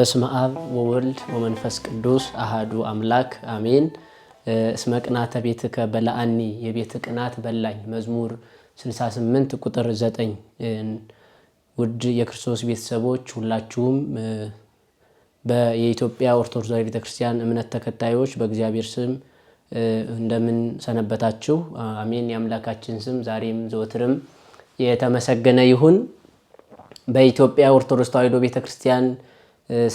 በስመ አብ ወወልድ ወመንፈስ ቅዱስ አሃዱ አምላክ አሜን። እስመ ቅናተ ቤትከ በላአኒ የቤት ቅናት በላኝ መዝሙር 68 ቁጥር 9። ውድ የክርስቶስ ቤተሰቦች ሁላችሁም የኢትዮጵያ ኦርቶዶክስ ቤተክርስቲያን እምነት ተከታዮች በእግዚአብሔር ስም እንደምን ሰነበታችሁ? አሜን። የአምላካችን ስም ዛሬም ዘወትርም የተመሰገነ ይሁን። በኢትዮጵያ ኦርቶዶክስ ተዋሕዶ ቤተክርስቲያን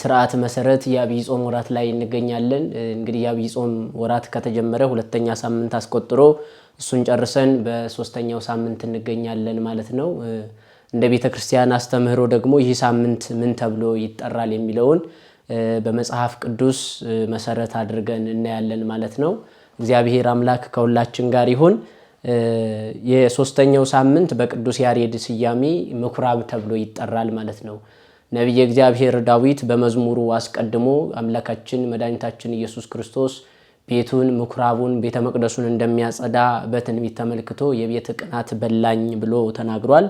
ስርዓት መሰረት የአብይ ጾም ወራት ላይ እንገኛለን። እንግዲህ የአብይ ጾም ወራት ከተጀመረ ሁለተኛ ሳምንት አስቆጥሮ እሱን ጨርሰን በሶስተኛው ሳምንት እንገኛለን ማለት ነው። እንደ ቤተ ክርስቲያን አስተምህሮ ደግሞ ይህ ሳምንት ምን ተብሎ ይጠራል የሚለውን በመጽሐፍ ቅዱስ መሰረት አድርገን እናያለን ማለት ነው። እግዚአብሔር አምላክ ከሁላችን ጋር ይሁን። የሶስተኛው ሳምንት በቅዱስ ያሬድ ስያሜ ምኩራብ ተብሎ ይጠራል ማለት ነው። ነቢየ እግዚአብሔር ዳዊት በመዝሙሩ አስቀድሞ አምላካችን መድኃኒታችን ኢየሱስ ክርስቶስ ቤቱን ምኩራቡን ቤተ መቅደሱን እንደሚያጸዳ በትንቢት ተመልክቶ የቤት ቅናት በላኝ ብሎ ተናግሯል።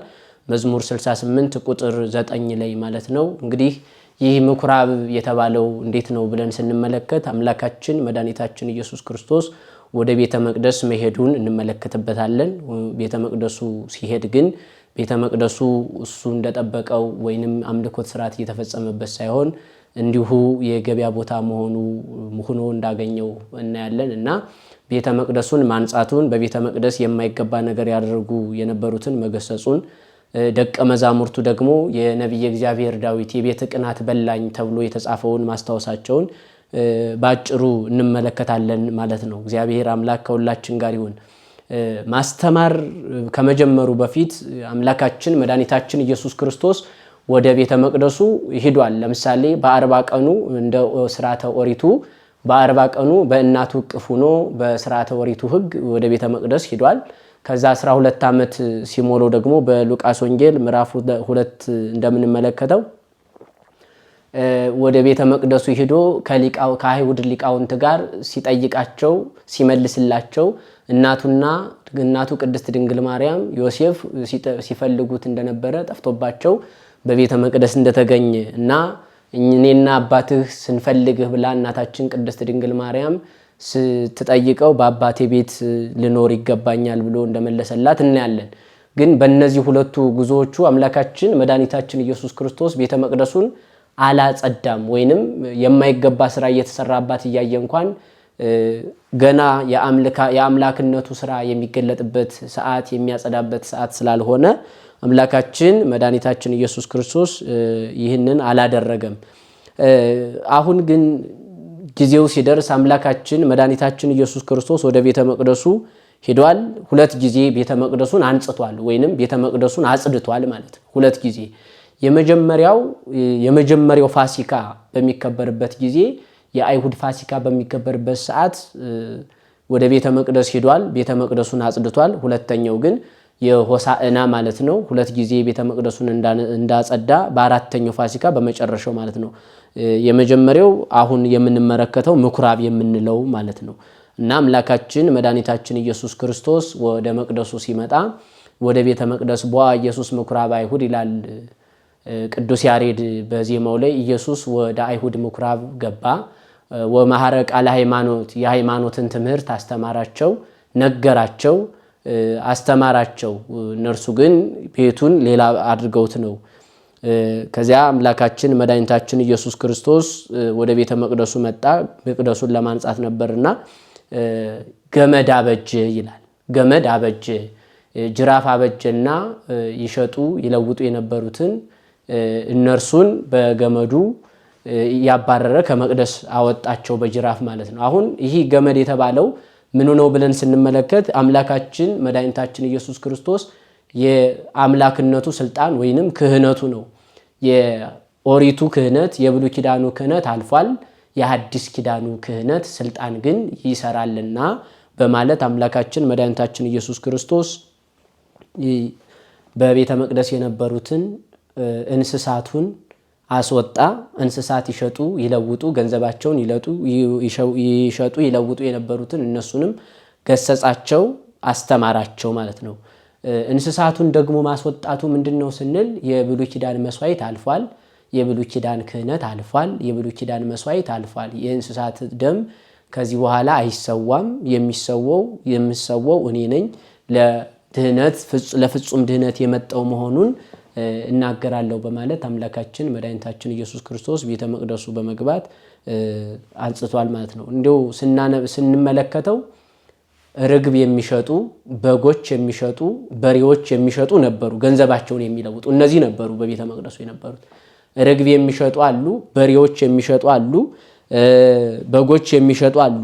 መዝሙር 68 ቁጥር 9 ላይ ማለት ነው። እንግዲህ ይህ ምኩራብ የተባለው እንዴት ነው ብለን ስንመለከት አምላካችን መድኃኒታችን ኢየሱስ ክርስቶስ ወደ ቤተ መቅደስ መሄዱን እንመለከትበታለን። ቤተ መቅደሱ ሲሄድ ግን ቤተ መቅደሱ እሱ እንደጠበቀው ወይንም አምልኮት ስርዓት እየተፈጸመበት ሳይሆን እንዲሁ የገበያ ቦታ መሆኑ ሆኖ እንዳገኘው እናያለን እና ቤተ መቅደሱን ማንጻቱን በቤተ መቅደስ የማይገባ ነገር ያደርጉ የነበሩትን መገሰጹን ደቀ መዛሙርቱ ደግሞ የነቢየ እግዚአብሔር ዳዊት የቤት ቅናት በላኝ ተብሎ የተጻፈውን ማስታወሳቸውን በአጭሩ እንመለከታለን ማለት ነው። እግዚአብሔር አምላክ ከሁላችን ጋር ይሁን። ማስተማር ከመጀመሩ በፊት አምላካችን መድኃኒታችን ኢየሱስ ክርስቶስ ወደ ቤተ መቅደሱ ሂዷል። ለምሳሌ በአርባ ቀኑ እንደ ስርዓተ ኦሪቱ በአርባ ቀኑ በእናቱ እቅፍ ሆኖ በስርዓተ ኦሪቱ ሕግ ወደ ቤተ መቅደስ ሂዷል። ከዛ 12 ዓመት ሲሞላው ደግሞ በሉቃስ ወንጌል ምዕራፍ ሁለት እንደምንመለከተው ወደ ቤተ መቅደሱ ሂዶ ከአይሁድ ሊቃውንት ጋር ሲጠይቃቸው ሲመልስላቸው እናቱና እናቱ ቅድስት ድንግል ማርያም ዮሴፍ ሲፈልጉት እንደነበረ ጠፍቶባቸው በቤተ መቅደስ እንደተገኘ እና እኔና አባትህ ስንፈልግህ ብላ እናታችን ቅድስት ድንግል ማርያም ስትጠይቀው በአባቴ ቤት ልኖር ይገባኛል ብሎ እንደመለሰላት እናያለን። ግን በእነዚህ ሁለቱ ጉዞዎቹ አምላካችን መድኃኒታችን ኢየሱስ ክርስቶስ ቤተ መቅደሱን አላጸዳም ወይንም የማይገባ ስራ እየተሰራባት እያየ እንኳን ገና የአምላክነቱ ስራ የሚገለጥበት ሰዓት የሚያጸዳበት ሰዓት ስላልሆነ አምላካችን መድኃኒታችን ኢየሱስ ክርስቶስ ይህንን አላደረገም። አሁን ግን ጊዜው ሲደርስ አምላካችን መድኃኒታችን ኢየሱስ ክርስቶስ ወደ ቤተ መቅደሱ ሂዷል። ሁለት ጊዜ ቤተ መቅደሱን አንጽቷል፣ ወይንም ቤተ መቅደሱን አጽድቷል ማለት ነው። ሁለት ጊዜ የመጀመሪያው የመጀመሪያው ፋሲካ በሚከበርበት ጊዜ የአይሁድ ፋሲካ በሚከበርበት ሰዓት ወደ ቤተ መቅደስ ሂዷል። ቤተ መቅደሱን አጽድቷል። ሁለተኛው ግን የሆሳዕና ማለት ነው። ሁለት ጊዜ ቤተ መቅደሱን እንዳጸዳ በአራተኛው ፋሲካ በመጨረሻው ማለት ነው። የመጀመሪያው አሁን የምንመለከተው ምኩራብ የምንለው ማለት ነው እና አምላካችን መድኃኒታችን ኢየሱስ ክርስቶስ ወደ መቅደሱ ሲመጣ ወደ ቤተ መቅደስ ቦአ ኢየሱስ ምኩራብ አይሁድ ይላል ቅዱስ ያሬድ በዜማው ላይ ኢየሱስ ወደ አይሁድ ምኩራብ ገባ ወማሐረ ቃለ ሃይማኖት የሃይማኖትን ትምህርት አስተማራቸው፣ ነገራቸው፣ አስተማራቸው። እነርሱ ግን ቤቱን ሌላ አድርገውት ነው። ከዚያ አምላካችን መድኃኒታችን ኢየሱስ ክርስቶስ ወደ ቤተ መቅደሱ መጣ። መቅደሱን ለማንጻት ነበርና ገመድ አበጀ ይላል። ገመድ አበጀ፣ ጅራፍ አበጀና ይሸጡ ይለውጡ የነበሩትን እነርሱን በገመዱ ያባረረ ከመቅደስ አወጣቸው በጅራፍ ማለት ነው። አሁን ይህ ገመድ የተባለው ምኑ ነው ብለን ስንመለከት አምላካችን መድኃኒታችን ኢየሱስ ክርስቶስ የአምላክነቱ ስልጣን ወይንም ክህነቱ ነው። የኦሪቱ ክህነት የብሉ ኪዳኑ ክህነት አልፏል። የሐዲስ ኪዳኑ ክህነት ስልጣን ግን ይሰራልና በማለት አምላካችን መድኃኒታችን ኢየሱስ ክርስቶስ በቤተ መቅደስ የነበሩትን እንስሳቱን አስወጣ። እንስሳት ይሸጡ ይለውጡ፣ ገንዘባቸውን ይሸጡ ይለውጡ የነበሩትን እነሱንም ገሰጻቸው፣ አስተማራቸው ማለት ነው። እንስሳቱን ደግሞ ማስወጣቱ ምንድን ነው ስንል የብሉይ ኪዳን መስዋዕት አልፏል። የብሉይ ኪዳን ክህነት አልፏል። የብሉይ ኪዳን መስዋዕት አልፏል። የእንስሳት ደም ከዚህ በኋላ አይሰዋም። የሚሰወው የምሰወው እኔ ነኝ ለፍጹም ድህነት የመጣው መሆኑን እናገራለሁ በማለት አምላካችን መድኃኒታችን ኢየሱስ ክርስቶስ ቤተ መቅደሱ በመግባት አንጽቷል ማለት ነው። እንዲሁ ስንመለከተው ርግብ የሚሸጡ በጎች የሚሸጡ በሬዎች የሚሸጡ ነበሩ፣ ገንዘባቸውን የሚለውጡ እነዚህ ነበሩ በቤተ መቅደሱ የነበሩት። ርግብ የሚሸጡ አሉ፣ በሬዎች የሚሸጡ አሉ፣ በጎች የሚሸጡ አሉ።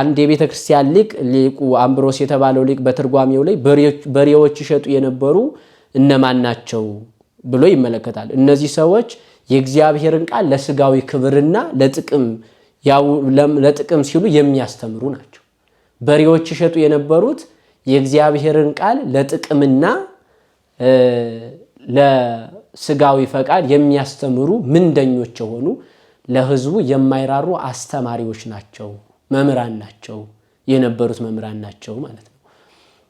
አንድ የቤተ ክርስቲያን ሊቅ ሊቁ አምብሮስ የተባለው ሊቅ በትርጓሜው ላይ በሬዎች ይሸጡ የነበሩ እነማን ናቸው ብሎ ይመለከታል። እነዚህ ሰዎች የእግዚአብሔርን ቃል ለስጋዊ ክብርና ለጥቅም ሲሉ የሚያስተምሩ ናቸው። በሬዎች ይሸጡ የነበሩት የእግዚአብሔርን ቃል ለጥቅምና ለስጋዊ ፈቃድ የሚያስተምሩ ምንደኞች የሆኑ ለሕዝቡ የማይራሩ አስተማሪዎች ናቸው፣ መምህራን ናቸው፣ የነበሩት መምህራን ናቸው ማለት ነው።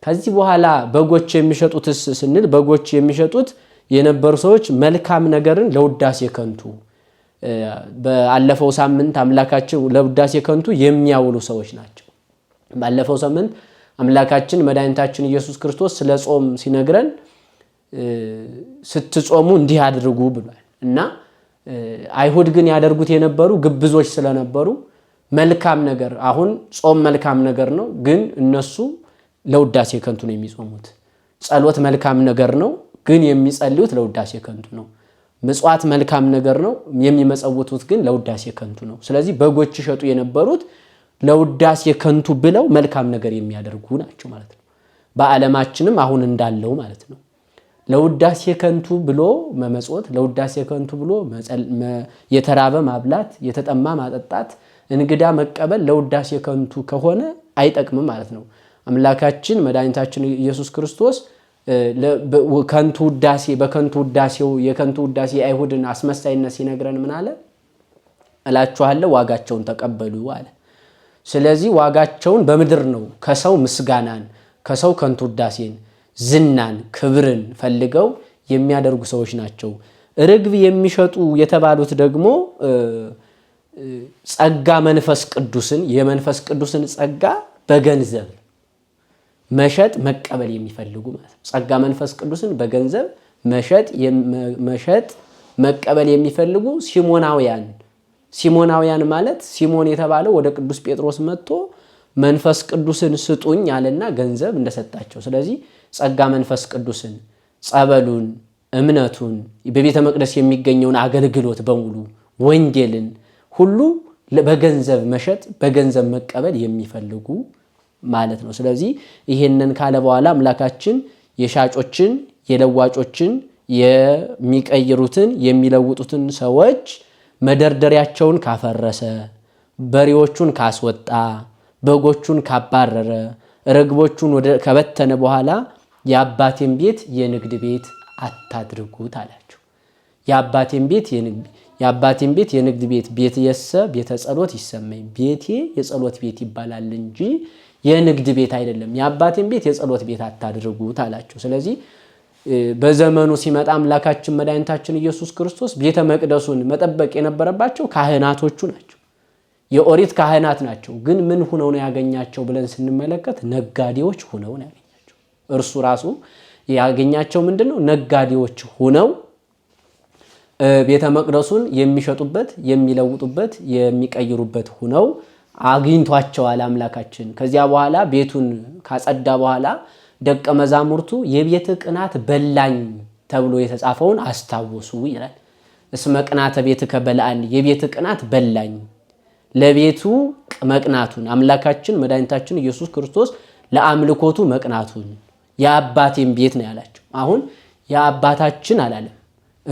ከዚህ በኋላ በጎች የሚሸጡትስ ስንል በጎች የሚሸጡት የነበሩ ሰዎች መልካም ነገርን ለውዳሴ ከንቱ በአለፈው ሳምንት አምላካችን ለውዳሴ ከንቱ የሚያውሉ ሰዎች ናቸው። ባለፈው ሳምንት አምላካችን መድኃኒታችን ኢየሱስ ክርስቶስ ስለ ጾም ሲነግረን ስትጾሙ እንዲህ አድርጉ ብሏል እና አይሁድ ግን ያደርጉት የነበሩ ግብዞች ስለነበሩ መልካም ነገር አሁን ጾም መልካም ነገር ነው፣ ግን እነሱ ለውዳሴ ከንቱ ነው የሚጾሙት። ጸሎት መልካም ነገር ነው፣ ግን የሚጸልዩት ለውዳሴ ከንቱ ነው። ምጽዋት መልካም ነገር ነው፣ የሚመጸውቱት ግን ለውዳሴ ከንቱ ነው። ስለዚህ በጎች ይሸጡ የነበሩት ለውዳሴ ከንቱ ብለው መልካም ነገር የሚያደርጉ ናቸው ማለት ነው። በዓለማችንም አሁን እንዳለው ማለት ነው። ለውዳሴ ከንቱ ብሎ መመጽወት፣ ለውዳሴ ከንቱ ብሎ የተራበ ማብላት፣ የተጠማ ማጠጣት፣ እንግዳ መቀበል ለውዳሴ ከንቱ ከሆነ አይጠቅምም ማለት ነው። አምላካችን መድኃኒታችን ኢየሱስ ክርስቶስ ከንቱ ውዳሴ በከንቱ ውዳሴው የከንቱ ውዳሴ አይሁድን አስመሳይነት ሲነግረን ምን አለ? እላችኋለሁ ዋጋቸውን ተቀበሉ አለ። ስለዚህ ዋጋቸውን በምድር ነው። ከሰው ምስጋናን፣ ከሰው ከንቱ ውዳሴን፣ ዝናን፣ ክብርን ፈልገው የሚያደርጉ ሰዎች ናቸው። ርግብ የሚሸጡ የተባሉት ደግሞ ጸጋ መንፈስ ቅዱስን የመንፈስ ቅዱስን ጸጋ በገንዘብ መሸጥ መቀበል የሚፈልጉ ማለት ነው። ጸጋ መንፈስ ቅዱስን በገንዘብ መሸጥ መሸጥ መቀበል የሚፈልጉ ሲሞናውያን ሲሞናውያን ማለት ሲሞን የተባለው ወደ ቅዱስ ጴጥሮስ መጥቶ መንፈስ ቅዱስን ስጡኝ አለና ገንዘብ እንደሰጣቸው። ስለዚህ ጸጋ መንፈስ ቅዱስን፣ ጸበሉን፣ እምነቱን፣ በቤተ መቅደስ የሚገኘውን አገልግሎት በሙሉ ወንጌልን ሁሉ በገንዘብ መሸጥ በገንዘብ መቀበል የሚፈልጉ ማለት ነው። ስለዚህ ይሄንን ካለ በኋላ አምላካችን የሻጮችን፣ የለዋጮችን፣ የሚቀይሩትን፣ የሚለውጡትን ሰዎች መደርደሪያቸውን ካፈረሰ፣ በሬዎቹን ካስወጣ፣ በጎቹን ካባረረ፣ ርግቦቹን ከበተነ በኋላ የአባቴን ቤት የንግድ ቤት አታድርጉት አላቸው። የአባቴን ቤት የአባቴን ቤት የንግድ ቤት ቤት የሰ ቤተ ጸሎት ይሰመኝ ቤቴ የጸሎት ቤት ይባላል እንጂ የንግድ ቤት አይደለም፣ የአባቴን ቤት የጸሎት ቤት አታድርጉት አላቸው። ስለዚህ በዘመኑ ሲመጣ አምላካችን መድኃኒታችን ኢየሱስ ክርስቶስ ቤተ መቅደሱን መጠበቅ የነበረባቸው ካህናቶቹ ናቸው። የኦሪት ካህናት ናቸው። ግን ምን ሁነው ነው ያገኛቸው ብለን ስንመለከት ነጋዴዎች ሁነው ነው ያገኛቸው። እርሱ ራሱ ያገኛቸው ምንድን ነው? ነጋዴዎች ሁነው ቤተ መቅደሱን የሚሸጡበት፣ የሚለውጡበት፣ የሚቀይሩበት ሁነው አግኝቷቸዋል አምላካችን። ከዚያ በኋላ ቤቱን ካጸዳ በኋላ ደቀ መዛሙርቱ የቤት ቅናት በላኝ ተብሎ የተጻፈውን አስታወሱ ይላል። እስመ ቅናተ ቤት ከበላአኒ የቤት ቅናት በላኝ፣ ለቤቱ መቅናቱን አምላካችን መድኃኒታችን ኢየሱስ ክርስቶስ ለአምልኮቱ መቅናቱን የአባቴን ቤት ነው ያላቸው። አሁን የአባታችን አላለም።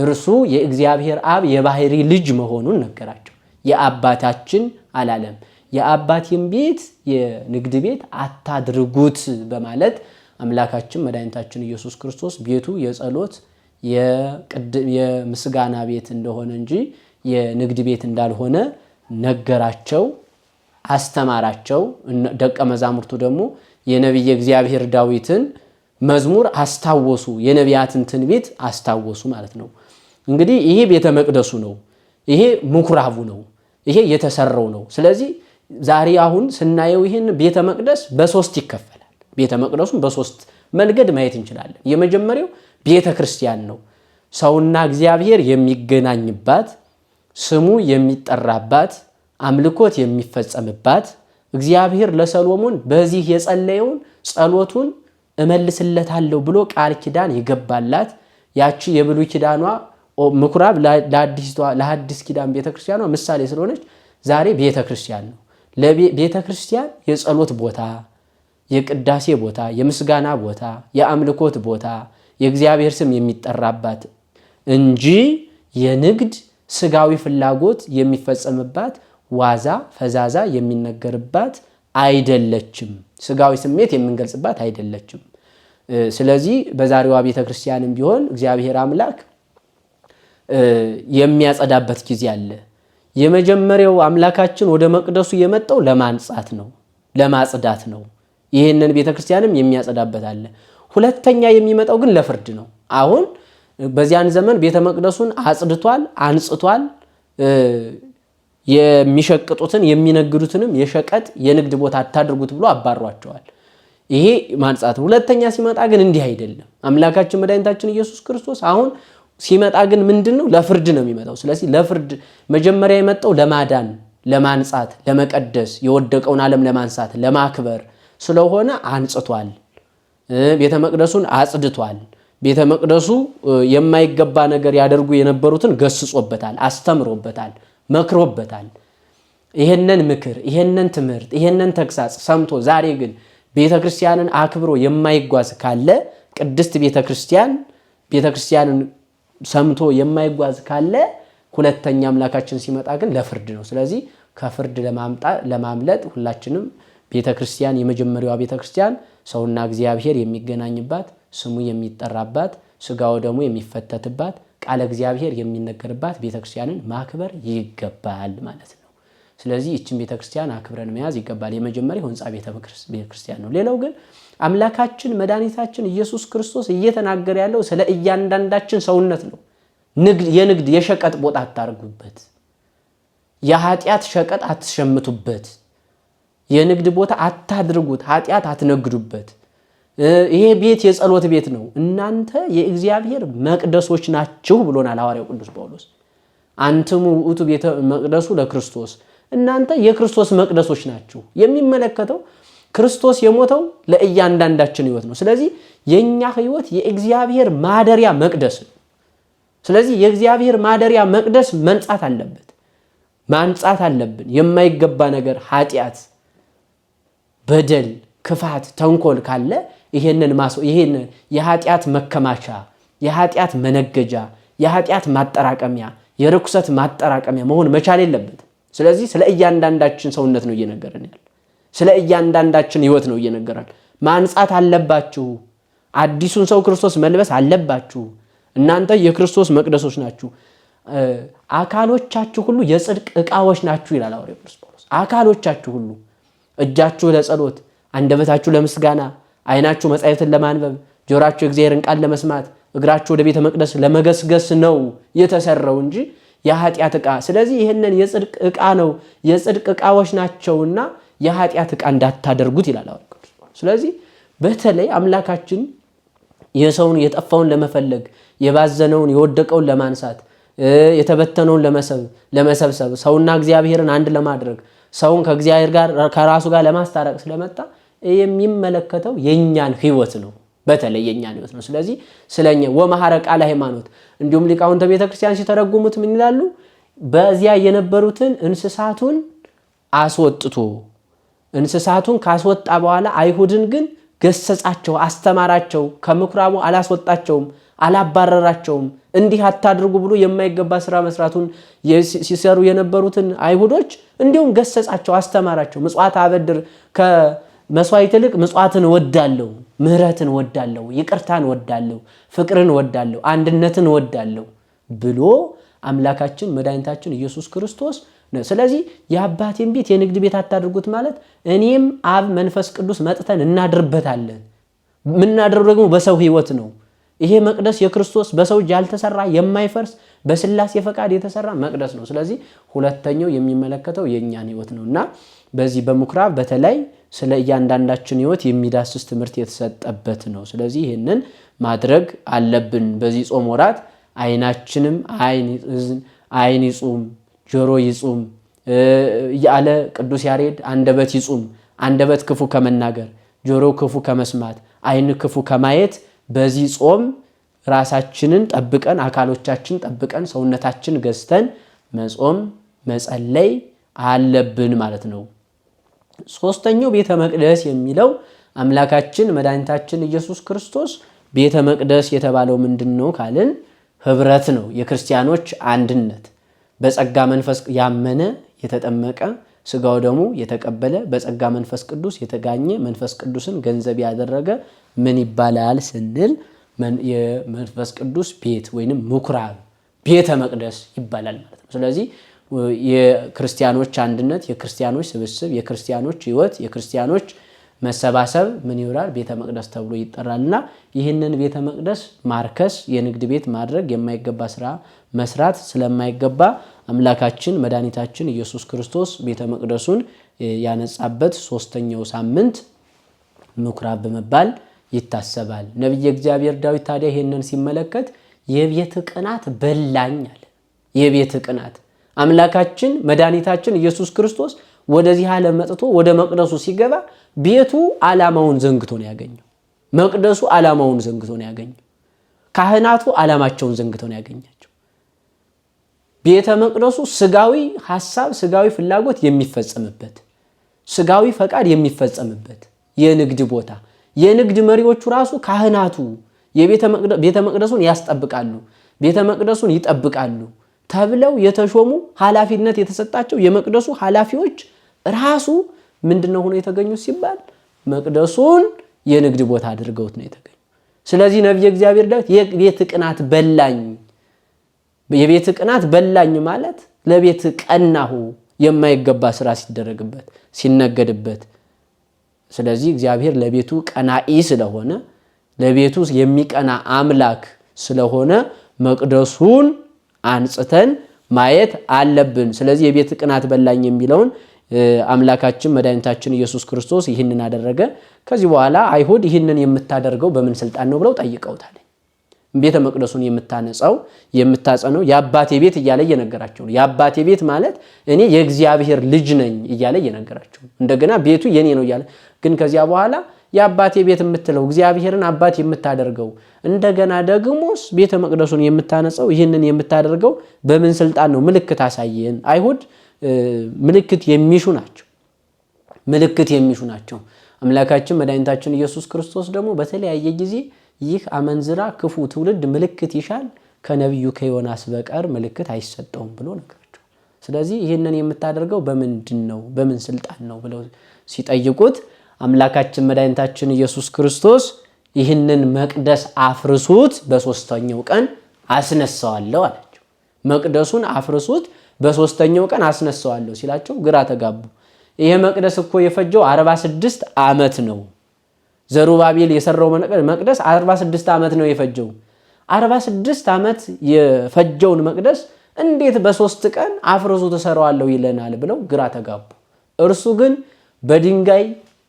እርሱ የእግዚአብሔር አብ የባህሪ ልጅ መሆኑን ነገራቸው። የአባታችን አላለም። የአባቴን ቤት የንግድ ቤት አታድርጉት በማለት አምላካችን መድኃኒታችን ኢየሱስ ክርስቶስ ቤቱ የጸሎት የምስጋና ቤት እንደሆነ እንጂ የንግድ ቤት እንዳልሆነ ነገራቸው፣ አስተማራቸው። ደቀ መዛሙርቱ ደግሞ የነቢየ እግዚአብሔር ዳዊትን መዝሙር አስታወሱ፣ የነቢያትን ትንቢት አስታወሱ ማለት ነው። እንግዲህ ይሄ ቤተ መቅደሱ ነው፣ ይሄ ምኩራቡ ነው፣ ይሄ የተሰራው ነው። ስለዚህ ዛሬ አሁን ስናየው ይህን ቤተ መቅደስ በሶስት ይከፈላል። ቤተ መቅደሱን በሶስት መንገድ ማየት እንችላለን። የመጀመሪያው ቤተ ክርስቲያን ነው። ሰውና እግዚአብሔር የሚገናኝባት፣ ስሙ የሚጠራባት፣ አምልኮት የሚፈጸምባት እግዚአብሔር ለሰሎሞን በዚህ የጸለየውን ጸሎቱን እመልስለታለሁ ብሎ ቃል ኪዳን የገባላት ያቺ የብሉይ ኪዳኗ ምኩራብ ለአዲስ ኪዳን ቤተክርስቲያኗ ምሳሌ ስለሆነች ዛሬ ቤተክርስቲያን ነው። ለቤተ ክርስቲያን የጸሎት ቦታ፣ የቅዳሴ ቦታ፣ የምስጋና ቦታ፣ የአምልኮት ቦታ የእግዚአብሔር ስም የሚጠራባት እንጂ የንግድ ስጋዊ ፍላጎት የሚፈጸምባት ዋዛ ፈዛዛ የሚነገርባት አይደለችም። ስጋዊ ስሜት የምንገልጽባት አይደለችም። ስለዚህ በዛሬዋ ቤተ ክርስቲያንም ቢሆን እግዚአብሔር አምላክ የሚያጸዳበት ጊዜ አለ። የመጀመሪያው አምላካችን ወደ መቅደሱ የመጣው ለማንጻት ነው፣ ለማጽዳት ነው። ይህንን ቤተ ክርስቲያንም የሚያጸዳበት አለ። ሁለተኛ የሚመጣው ግን ለፍርድ ነው። አሁን በዚያን ዘመን ቤተ መቅደሱን አጽድቷል፣ አንጽቷል። የሚሸቅጡትን የሚነግዱትንም የሸቀጥ የንግድ ቦታ አታድርጉት ብሎ አባሯቸዋል። ይሄ ማንጻት ነው። ሁለተኛ ሲመጣ ግን እንዲህ አይደለም። አምላካችን መድኃኒታችን ኢየሱስ ክርስቶስ አሁን ሲመጣ ግን ምንድን ነው? ለፍርድ ነው የሚመጣው። ስለዚህ ለፍርድ መጀመሪያ የመጣው ለማዳን፣ ለማንጻት፣ ለመቀደስ፣ የወደቀውን ዓለም ለማንሳት፣ ለማክበር ስለሆነ አንጽቷል። ቤተ መቅደሱን አጽድቷል። ቤተ መቅደሱ የማይገባ ነገር ያደርጉ የነበሩትን ገስጾበታል፣ አስተምሮበታል፣ መክሮበታል። ይሄንን ምክር ይሄንን ትምህርት ይሄንን ተግሳጽ ሰምቶ ዛሬ ግን ቤተ ክርስቲያንን አክብሮ የማይጓዝ ካለ ቅድስት ቤተ ክርስቲያን ቤተ ክርስቲያንን ሰምቶ የማይጓዝ ካለ ሁለተኛ አምላካችን ሲመጣ ግን ለፍርድ ነው። ስለዚህ ከፍርድ ለማምለጥ ሁላችንም ቤተክርስቲያን የመጀመሪያዋ ቤተክርስቲያን ሰውና እግዚአብሔር የሚገናኝባት፣ ስሙ የሚጠራባት፣ ስጋው ደግሞ የሚፈተትባት፣ ቃለ እግዚአብሔር የሚነገርባት ቤተክርስቲያንን ማክበር ይገባል ማለት ነው። ስለዚህ ይችን ቤተክርስቲያን አክብረን መያዝ ይገባል። የመጀመሪያው ሕንፃ ቤተክርስቲያን ነው። ሌላው ግን አምላካችን መድኃኒታችን ኢየሱስ ክርስቶስ እየተናገረ ያለው ስለ እያንዳንዳችን ሰውነት ነው። የንግድ የሸቀጥ ቦታ አታርጉበት። የኃጢአት ሸቀጥ አትሸምቱበት። የንግድ ቦታ አታድርጉት። ኃጢአት አትነግዱበት። ይሄ ቤት የጸሎት ቤት ነው፣ እናንተ የእግዚአብሔር መቅደሶች ናችሁ ብሎናል ሐዋርያው ቅዱስ ጳውሎስ። አንትሙ ውእቱ ቤተ መቅደሱ ለክርስቶስ፣ እናንተ የክርስቶስ መቅደሶች ናችሁ። የሚመለከተው ክርስቶስ የሞተው ለእያንዳንዳችን ህይወት ነው። ስለዚህ የእኛ ህይወት የእግዚአብሔር ማደሪያ መቅደስ ነው። ስለዚህ የእግዚአብሔር ማደሪያ መቅደስ መንጻት አለበት ማንጻት አለብን። የማይገባ ነገር ኃጢአት፣ በደል፣ ክፋት፣ ተንኮል ካለ ይሄንን ይሄን የኃጢአት መከማቻ፣ የኃጢአት መነገጃ፣ የኃጢአት ማጠራቀሚያ፣ የርኩሰት ማጠራቀሚያ መሆን መቻል የለበት። ስለዚህ ስለ እያንዳንዳችን ሰውነት ነው እየነገረን ያለ ስለ እያንዳንዳችን ህይወት ነው እየነገራል። ማንጻት አለባችሁ፣ አዲሱን ሰው ክርስቶስ መልበስ አለባችሁ። እናንተ የክርስቶስ መቅደሶች ናችሁ፣ አካሎቻችሁ ሁሉ የጽድቅ እቃዎች ናችሁ ይላል ሐዋርያው ቅዱስ ጳውሎስ። አካሎቻችሁ ሁሉ እጃችሁ ለጸሎት፣ አንደበታችሁ ለምስጋና፣ አይናችሁ መጻሕፍትን ለማንበብ፣ ጆሮአችሁ እግዚአብሔርን ቃል ለመስማት፣ እግራችሁ ወደ ቤተ መቅደስ ለመገስገስ ነው የተሰራው እንጂ የኃጢአት ዕቃ። ስለዚህ ይህንን የጽድቅ ዕቃ ነው የጽድቅ ዕቃዎች ናቸውና የኃጢአት ዕቃ እንዳታደርጉት ይላል ሐዋርያው ቅዱስ ስለዚህ በተለይ አምላካችን የሰውን የጠፋውን ለመፈለግ የባዘነውን የወደቀውን ለማንሳት የተበተነውን ለመሰብሰብ ሰውና እግዚአብሔርን አንድ ለማድረግ ሰውን ከእግዚአብሔር ጋር ከራሱ ጋር ለማስታረቅ ስለመጣ የሚመለከተው የእኛን ህይወት ነው። በተለይ የእኛን ህይወት ነው። ስለዚህ ስለኛ ወመሐረ ቃለ ሃይማኖት እንዲሁም ሊቃውንተ ቤተክርስቲያን ሲተረጉሙት ምን ይላሉ? በዚያ የነበሩትን እንስሳቱን አስወጥቶ እንስሳቱን ካስወጣ በኋላ አይሁድን ግን ገሰጻቸው፣ አስተማራቸው። ከምኩራቡ አላስወጣቸውም፣ አላባረራቸውም። እንዲህ አታድርጉ ብሎ የማይገባ ስራ መስራቱን ሲሰሩ የነበሩትን አይሁዶች እንዲሁም ገሰጻቸው፣ አስተማራቸው። ምጽዋት አበድር ከመስዋዕት ይልቅ ምጽዋትን ወዳለሁ፣ ምህረትን ወዳለሁ፣ ይቅርታን ወዳለሁ፣ ፍቅርን ወዳለሁ፣ አንድነትን ወዳለሁ ብሎ አምላካችን መድኃኒታችን ኢየሱስ ክርስቶስ ስለዚህ የአባቴን ቤት የንግድ ቤት አታድርጉት ማለት እኔም አብ መንፈስ ቅዱስ መጥተን እናድርበታለን። የምናድረው ደግሞ በሰው ህይወት ነው። ይሄ መቅደስ የክርስቶስ በሰው እጅ ያልተሰራ የማይፈርስ በስላሴ ፈቃድ የተሰራ መቅደስ ነው። ስለዚህ ሁለተኛው የሚመለከተው የእኛን ህይወት ነው እና በዚህ በምኩራብ በተለይ ስለ እያንዳንዳችን ህይወት የሚዳስስ ትምህርት የተሰጠበት ነው። ስለዚህ ይህንን ማድረግ አለብን። በዚህ ጾም ወራት አይናችንም አይን ይጹም ጆሮ ይጹም እያለ ቅዱስ ያሬድ አንደበት ይጹም፣ አንደበት ክፉ ከመናገር፣ ጆሮ ክፉ ከመስማት፣ አይን ክፉ ከማየት በዚህ ጾም ራሳችንን ጠብቀን አካሎቻችን ጠብቀን ሰውነታችን ገዝተን መጾም መጸለይ አለብን ማለት ነው። ሶስተኛው ቤተ መቅደስ የሚለው አምላካችን መድኃኒታችን ኢየሱስ ክርስቶስ ቤተ መቅደስ የተባለው ምንድን ነው ካልን፣ ህብረት ነው፣ የክርስቲያኖች አንድነት በጸጋ መንፈስ ያመነ የተጠመቀ ስጋው ደግሞ የተቀበለ በጸጋ መንፈስ ቅዱስ የተጋኘ መንፈስ ቅዱስን ገንዘብ ያደረገ ምን ይባላል ስንል የመንፈስ ቅዱስ ቤት ወይም ምኩራብ ቤተ መቅደስ ይባላል ማለት ነው። ስለዚህ የክርስቲያኖች አንድነት፣ የክርስቲያኖች ስብስብ፣ የክርስቲያኖች ህይወት፣ የክርስቲያኖች መሰባሰብ ምን ይውላል? ቤተ መቅደስ ተብሎ ይጠራልና ይህንን ቤተ መቅደስ ማርከስ፣ የንግድ ቤት ማድረግ የማይገባ ስራ መስራት ስለማይገባ አምላካችን መድኃኒታችን ኢየሱስ ክርስቶስ ቤተ መቅደሱን ያነጻበት ሶስተኛው ሳምንት ምኩራብ በመባል ይታሰባል። ነቢይ እግዚአብሔር ዳዊት ታዲያ ይህንን ሲመለከት የቤት ቅናት በላኛል። የቤት ቅናት አምላካችን መድኃኒታችን ኢየሱስ ክርስቶስ ወደዚህ ዓለም መጥቶ ወደ መቅደሱ ሲገባ ቤቱ ዓላማውን ዘንግቶ ነው ያገኘው። መቅደሱ ዓላማውን ዘንግቶ ነው ያገኘው። ካህናቱ ዓላማቸውን ዘንግቶ ነው ያገኛቸው። ቤተ መቅደሱ ስጋዊ ሐሳብ፣ ስጋዊ ፍላጎት የሚፈጸምበት፣ ስጋዊ ፈቃድ የሚፈጸምበት የንግድ ቦታ የንግድ መሪዎቹ ራሱ ካህናቱ ቤተ መቅደሱን ያስጠብቃሉ፣ ቤተ መቅደሱን ይጠብቃሉ ተብለው የተሾሙ ኃላፊነት የተሰጣቸው የመቅደሱ ኃላፊዎች ራሱ ምንድነው ሆኖ የተገኙት ሲባል መቅደሱን የንግድ ቦታ አድርገውት ነው የተገኙ። ስለዚህ ነቢየ እግዚአብሔር ዳዊት የቤት ቅናት በላኝ፣ የቤት ቅናት በላኝ ማለት ለቤት ቀናሁ፣ የማይገባ ስራ ሲደረግበት ሲነገድበት። ስለዚህ እግዚአብሔር ለቤቱ ቀናኢ ስለሆነ ለቤቱ የሚቀና አምላክ ስለሆነ መቅደሱን አንጽተን ማየት አለብን። ስለዚህ የቤት ቅናት በላኝ የሚለውን አምላካችን መድኃኒታችን ኢየሱስ ክርስቶስ ይህንን አደረገ። ከዚህ በኋላ አይሁድ ይህንን የምታደርገው በምን ስልጣን ነው ብለው ጠይቀውታል። ቤተ መቅደሱን የምታነጸው የምታጸነው የአባቴ ቤት እያለ እየነገራቸው ነው። የአባቴ ቤት ማለት እኔ የእግዚአብሔር ልጅ ነኝ እያለ እየነገራቸው እንደገና ቤቱ የኔ ነው እያለ ግን ከዚያ በኋላ የአባቴ ቤት የምትለው እግዚአብሔርን አባት የምታደርገው እንደገና ደግሞስ ቤተ መቅደሱን የምታነጸው ይህንን የምታደርገው በምን ስልጣን ነው? ምልክት አሳየን። አይሁድ ምልክት የሚሹ ናቸው። ምልክት የሚሹ ናቸው። አምላካችን መድኃኒታችን ኢየሱስ ክርስቶስ ደግሞ በተለያየ ጊዜ ይህ አመንዝራ ክፉ ትውልድ ምልክት ይሻል ከነቢዩ ከዮናስ በቀር ምልክት አይሰጠውም ብሎ ነገራቸው። ስለዚህ ይህንን የምታደርገው በምንድን ነው በምን ስልጣን ነው ብለው ሲጠይቁት አምላካችን መድኃኒታችን ኢየሱስ ክርስቶስ ይህንን መቅደስ አፍርሱት፣ በሶስተኛው ቀን አስነሳዋለሁ አላቸው። መቅደሱን አፍርሱት በሶስተኛው ቀን አስነሳዋለሁ ሲላቸው ግራ ተጋቡ። ይሄ መቅደስ እኮ የፈጀው 46 ዓመት ነው። ዘሩባቤል የሰራው መቅደስ 46 ዓመት ነው የፈጀው። 46 ዓመት የፈጀውን መቅደስ እንዴት በሶስት ቀን አፍርሱ ተሰራዋለሁ ይለናል ብለው ግራ ተጋቡ። እርሱ ግን በድንጋይ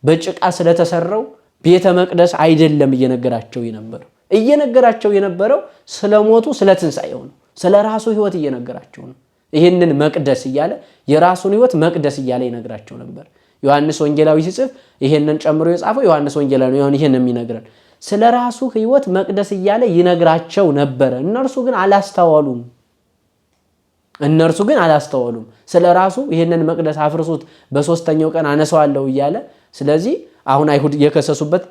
በጭቃ ስለተሰራው ቤተ መቅደስ አይደለም እየነገራቸው የነበረው እየነገራቸው የነበረው ስለሞቱ ስለ ትንሣኤው ነው። ስለ ራሱ እየነገራቸው ነው። ይህንን መቅደስ እያለ የራሱን ህይወት መቅደስ እያለ ይነግራቸው ነበር። ዮሐንስ ወንጌላዊ ሲጽፍ ይህንን ጨምሮ የጻፈው ዮሐንስ ወንጌላዊ ነው። ይህን የሚነግረን ስለ ራሱ ህይወት መቅደስ እያለ ይነግራቸው ነበረ። እነርሱ ግን አላስተዋሉም። እነርሱ ግን አላስተዋሉም። ስለ ራሱ ይህንን መቅደስ አፍርሱት፣ በሶስተኛው ቀን አነሳዋለሁ እያለ ስለዚህ አሁን አይሁድ የከሰሱበት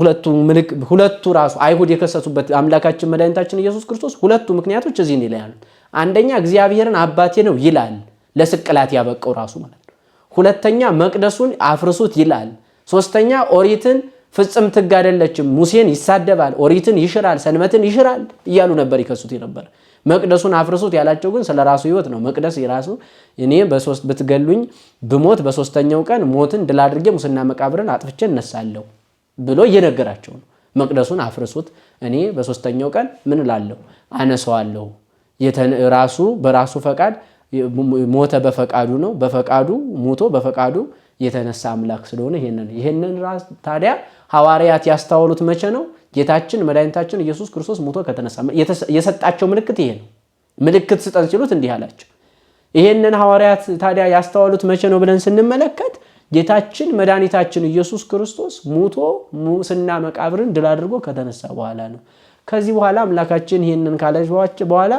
ሁለቱ ምልክ ሁለቱ ራሱ አይሁድ የከሰሱበት አምላካችን መድኃኒታችን ኢየሱስ ክርስቶስ ሁለቱ ምክንያቶች እዚህ ላይ ያሉት አንደኛ እግዚአብሔርን አባቴ ነው ይላል፣ ለስቅላት ያበቀው ራሱ ማለት ነው። ሁለተኛ መቅደሱን አፍርሱት ይላል። ሶስተኛ ኦሪትን ፍጽም ትጋደለችም አይደለችም፣ ሙሴን ይሳደባል፣ ኦሪትን ይሽራል፣ ሰንበትን ይሽራል እያሉ ነበር ይከሱት ነበር። መቅደሱን አፍርሱት ያላቸው ግን ስለ ራሱ ህይወት ነው። መቅደስ የራሱ እኔ በሶስት ብትገሉኝ ብሞት በሶስተኛው ቀን ሞትን ድል አድርጌ ሙስና መቃብርን አጥፍቼ እነሳለሁ ብሎ እየነገራቸው ነው። መቅደሱን አፍርሱት፣ እኔ በሶስተኛው ቀን ምን እላለሁ አነሰዋለሁ ራሱ በራሱ ፈቃድ ሞተ በፈቃዱ ነው። በፈቃዱ ሞቶ በፈቃዱ የተነሳ አምላክ ስለሆነ ይሄንን ይሄንን ራስ ታዲያ ሐዋርያት ያስተዋሉት መቼ ነው? ጌታችን መድኃኒታችን ኢየሱስ ክርስቶስ ሞቶ ከተነሳ የሰጣቸው ምልክት ይሄ ነው። ምልክት ስጠን ሲሉት እንዲህ አላቸው። ይሄንን ሐዋርያት ታዲያ ያስተዋሉት መቼ ነው ብለን ስንመለከት ጌታችን መድኃኒታችን ኢየሱስ ክርስቶስ ሞቶ ሙስና መቃብርን ድል አድርጎ ከተነሳ በኋላ ነው። ከዚህ በኋላ አምላካችን ይህንን ካለች በኋላ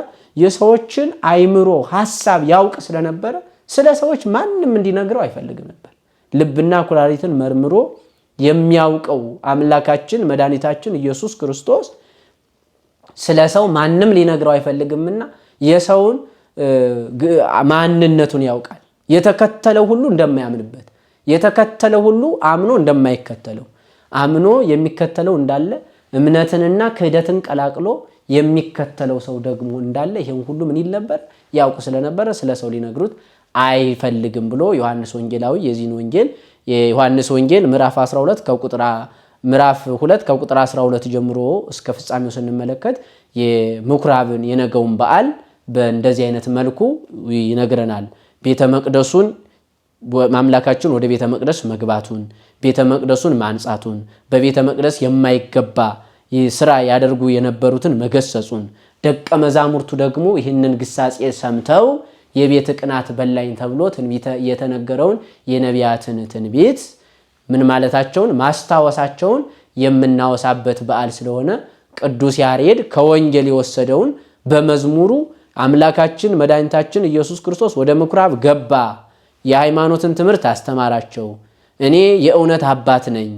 የሰዎችን አይምሮ ሀሳብ ያውቅ ስለነበረ ስለ ሰዎች ማንም እንዲነግረው አይፈልግም ነበር። ልብና ኩላሊትን መርምሮ የሚያውቀው አምላካችን መድኃኒታችን ኢየሱስ ክርስቶስ ስለ ሰው ማንም ሊነግረው አይፈልግምና የሰውን ማንነቱን ያውቃል። የተከተለው ሁሉ እንደማያምንበት፣ የተከተለው ሁሉ አምኖ እንደማይከተለው፣ አምኖ የሚከተለው እንዳለ እምነትንና ክህደትን ቀላቅሎ የሚከተለው ሰው ደግሞ እንዳለ ይህን ሁሉ ምን ይል ነበር? ያውቁ ስለነበረ ስለ ሰው ሊነግሩት አይፈልግም ብሎ ዮሐንስ ወንጌላዊ የዚህን ወንጌል የዮሐንስ ወንጌል ምዕራፍ 12 ከቁጥር ምዕራፍ 2 ከቁጥር 12 ጀምሮ እስከ ፍጻሜው ስንመለከት የምኩራብን የነገውን በዓል በእንደዚህ አይነት መልኩ ይነግረናል። ቤተ መቅደሱን አምላካችን ወደ ቤተ መቅደስ መግባቱን፣ ቤተ መቅደሱን ማንጻቱን፣ በቤተ መቅደስ የማይገባ ስራ ያደርጉ የነበሩትን መገሰጹን፣ ደቀ መዛሙርቱ ደግሞ ይህንን ግሳጼ ሰምተው የቤት ቅናት በላኝ ተብሎ የተነገረውን የነቢያትን ትንቢት ምን ማለታቸውን ማስታወሳቸውን የምናወሳበት በዓል ስለሆነ ቅዱስ ያሬድ ከወንጌል የወሰደውን በመዝሙሩ አምላካችን መድኃኒታችን ኢየሱስ ክርስቶስ ወደ ምኩራብ ገባ የሃይማኖትን ትምህርት አስተማራቸው። እኔ የእውነት አባት ነኝ፣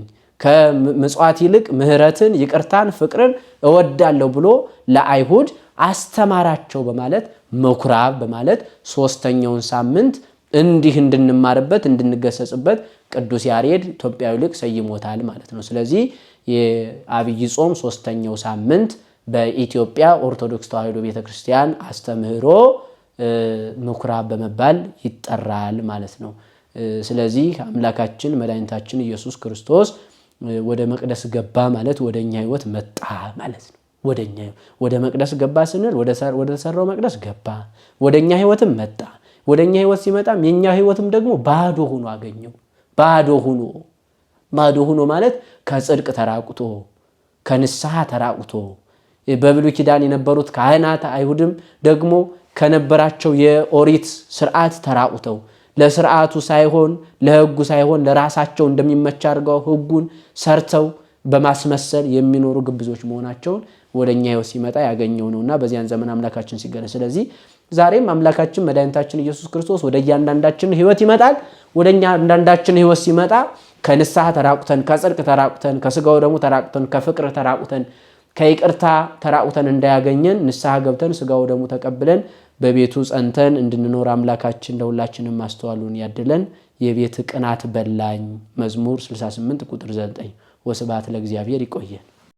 ከምጽዋት ይልቅ ምሕረትን፣ ይቅርታን፣ ፍቅርን እወዳለሁ ብሎ ለአይሁድ አስተማራቸው በማለት መኩራብ በማለት ሶስተኛውን ሳምንት እንዲህ እንድንማርበት እንድንገሰጽበት ቅዱስ ያሬድ ኢትዮጵያዊ ሊቅ ሰይሞታል ማለት ነው። ስለዚህ የአብይ ጾም ሶስተኛው ሳምንት በኢትዮጵያ ኦርቶዶክስ ተዋሕዶ ቤተክርስቲያን አስተምህሮ ምኩራብ በመባል ይጠራል ማለት ነው። ስለዚህ አምላካችን መድኃኒታችን ኢየሱስ ክርስቶስ ወደ መቅደስ ገባ ማለት ወደ እኛ ህይወት መጣ ማለት ነው። ወደ እኛ ወደ መቅደስ ገባ ስንል ወደ ተሰራው መቅደስ ገባ፣ ወደ እኛ ህይወትም መጣ። ወደ እኛ ህይወት ሲመጣም የእኛ ህይወትም ደግሞ ባዶ ሆኖ አገኘው። ባዶ ሆኖ ባዶ ሆኖ ማለት ከጽድቅ ተራቁቶ ከንስሐ ተራቁቶ በብሉ ኪዳን የነበሩት ካህናት አይሁድም ደግሞ ከነበራቸው የኦሪት ስርዓት ተራቁተው ለስርዓቱ ሳይሆን ለህጉ ሳይሆን ለራሳቸው እንደሚመቻ አድርገው ህጉን ሰርተው በማስመሰል የሚኖሩ ግብዞች መሆናቸውን ወደ እኛ ህይወት ሲመጣ ያገኘው እና በዚያን ዘመን አምላካችን ሲገለጽ፣ ስለዚህ ዛሬም አምላካችን መድኃኒታችን ኢየሱስ ክርስቶስ ወደ እያንዳንዳችን ህይወት ይመጣል። ወደ እያንዳንዳችን ህይወት ሲመጣ ከንስሐ ተራቁተን፣ ከጽድቅ ተራቁተን፣ ከስጋው ደግሞ ተራቁተን፣ ከፍቅር ተራቁተን ከይቅርታ ተራቁተን እንዳያገኘን ንስሐ ገብተን ስጋው ደግሞ ተቀብለን በቤቱ ጸንተን እንድንኖር አምላካችን ለሁላችንም ማስተዋሉን ያድለን። የቤት ቅናት በላኝ መዝሙር 68 ቁጥር 9። ወስብሐት ለእግዚአብሔር። ይቆየን።